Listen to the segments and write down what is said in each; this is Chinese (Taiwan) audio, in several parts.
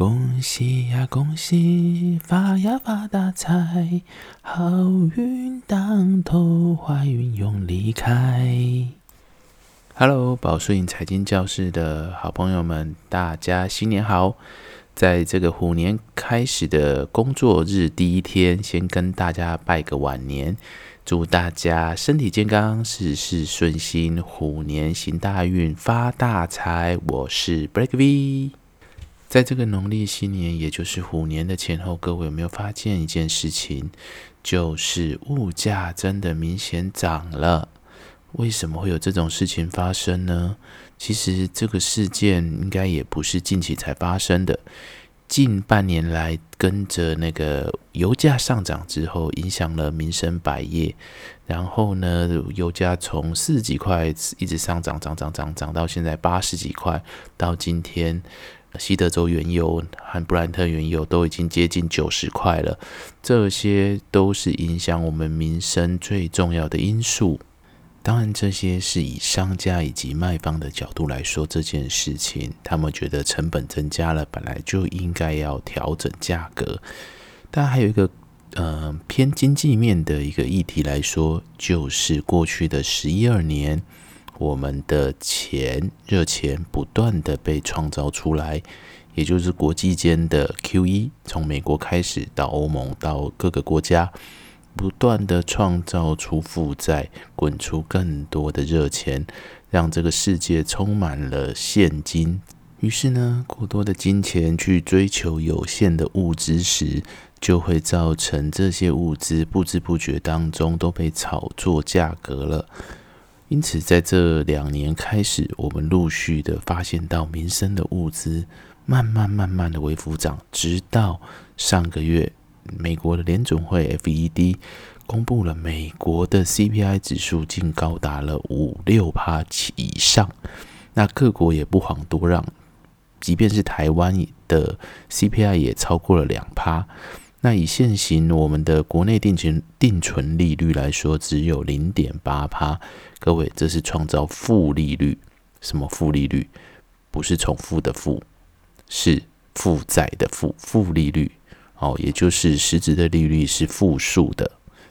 恭喜呀、啊，恭喜發呀發大財，好運當頭，壞運永離開。Hello，寶順財經教室的好朋友們，大家新年好！在這個虎年開始的工作日第一天，先跟大家拜個晚年，祝大家身體健康，事事順心，虎年行大運，發大財。我是 Black V。在這個農曆新年，也就是虎年的前後，各位有沒有發現一件事情？就是物價真的明顯漲了。為什麼會有這種事情發生呢？其實這個事件應該也不是近期才發生的。近半年來，跟着那個油價上漲之後，影響了民生百業。然後呢，油價從四十幾塊一直上漲，漲漲漲漲，到現在八十幾塊，到今天。西德州原油和布蘭特原油都已經接近九十塊了，這些都是影響我們民生最重要的因素。當然，這些是以商家以及賣方的角度來說這件事情，他們覺得成本增加了，本來就應該要調整價格。但還有一個，呃，偏經濟面的一個議題來說，就是過去的十一二年。我們的錢熱錢不斷的被創造出來，也就是國際間的 QE，從美國開始到歐盟到各個國家，不斷的創造出負債，滾出更多的熱錢，讓這個世界充滿了現金。於是呢，過多的金錢去追求有限的物資時，就會造成這些物資不知不覺當中都被炒作價格了。因此，在這兩年開始，我們陸續的發現到民生的物資慢慢慢慢的微幅漲，直到上個月，美國的聯準會 （FED） 公布了美國的 CPI 指數，竟高達了五六趴以上。那各國也不遑多讓，即便是台灣的 CPI 也超過了兩趴。那以現行我們的國內定存定存利率來說，只有零點八趴，各位，這是創造負利率。什麼負利率？不是重複的負，是負債的負，負利率。哦，也就是實質的利率是負數的，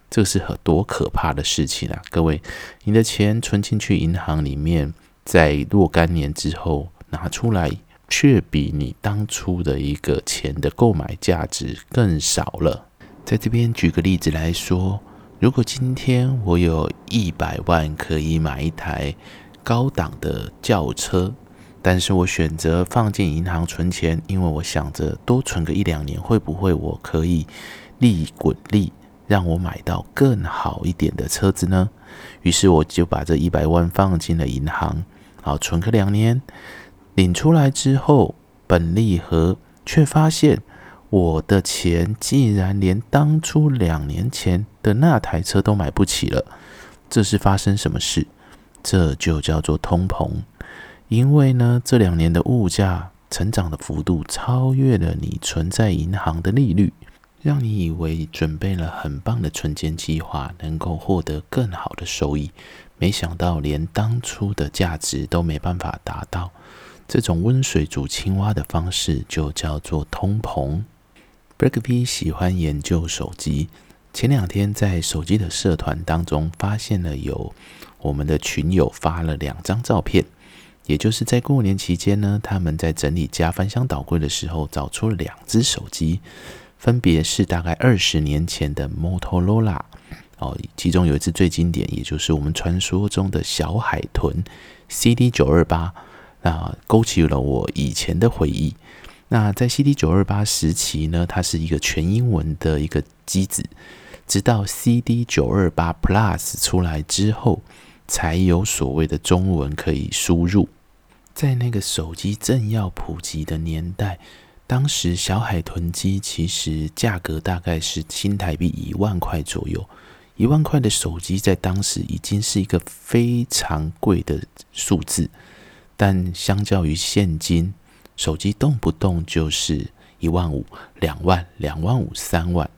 這是很多可怕的事情啊！各位，你的錢存進去銀行裡面，在若干年之後拿出來。卻比你當初的一個錢的購買價值更少了。在這邊舉個例子來說，如果今天我有一百萬可以買一台高檔的轎車，但是我選擇放進銀行存錢，因為我想着多存個一兩年，會不會我可以利滾利，讓我買到更好一點的車子呢？於是我就把這一百萬放進了銀行，好存個兩年。領出來之後，本利和卻發現我的錢竟然連當初兩年前的那台車都買不起了。這是發生什麼事？這就叫做通膨。因為呢，這兩年的物價成長的幅度超越了你存在銀行的利率，讓你以為準備了很棒的存錢計劃能夠獲得更好的收益，沒想到連當初的價值都沒辦法達到。這種溫水煮青蛙的方式就叫做通膨。Black V 喜歡研究手機，前兩天在手機的社團當中發現了有我們的群友發了兩張照片，也就是在過年期間呢，他們在整理家、翻箱倒櫃的時候，找出了兩隻手機，分別是大概二十年前的 Motorola，哦，其中有一隻最經典，也就是我們傳說中的小海豚 CD 九二八。那勾起了我以前的回憶。那在 CD 九二八時期呢，它是一個全英文的一個機子，直到 CD 九二八 Plus 出來之後，才有所謂的中文可以輸入。在那個手機正要普及的年代，當時小海豚機其實價格大概是新台幣一萬塊左右，一萬塊的手機在當時已經是一個非常貴的數字。但相較於現金，手機動不動就是一萬五、兩萬、兩萬五、三萬。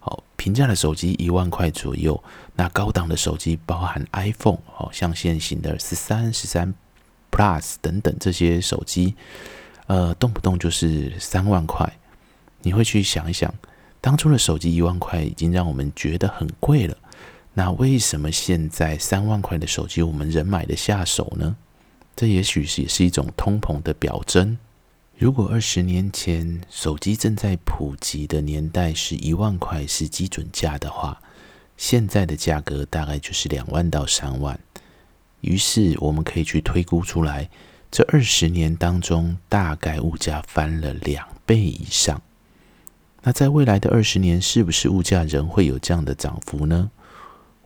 好，平價的手機一萬塊左右，那高檔的手機，包含 iPhone，哦，像現行的十三、十三 Plus 等等這些手機，呃，動不動就是三萬塊。你會去想一想，當初的手機一萬塊已經讓我們覺得很貴了，那為什麼現在三萬塊的手機我們仍買得下手呢？這也許也是一種通膨的表徵。如果二十年前手機正在普及的年代是一萬塊是基準價的話，現在的價格大概就是兩萬到三萬。於是我們可以去推估出來，這二十年當中大概物價翻了兩倍以上。那在未來的二十年，是不是物價仍會有這樣的漲幅呢？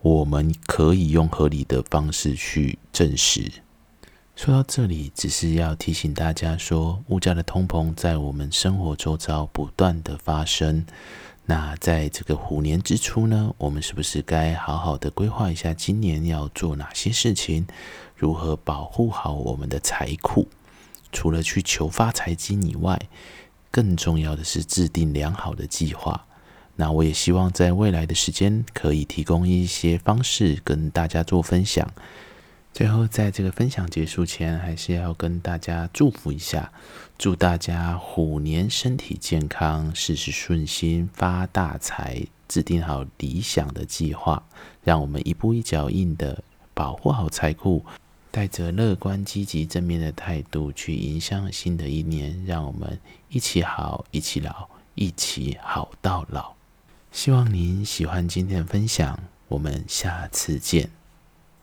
我們可以用合理的方式去證實。說到這裡，只是要提醒大家說，物價的通膨在我們生活周遭不斷的發生。那在這個虎年之初呢，我們是不是該好好的規劃一下今年要做哪些事情，如何保護好我們的財庫？除了去求發財金以外，更重要的是制定良好的計劃。那我也希望在未來的時間可以提供一些方式跟大家做分享。最後，在這個分享結束前，還是要跟大家祝福一下，祝大家虎年身體健康，事事順心，發大財，制定好理想的計劃，讓我們一步一腳印的保護好財庫，帶着樂觀、積極、正面的態度去迎向新的一年，讓我們一起好，一起老，一起好到老。希望您喜歡今天的分享，我們下次見。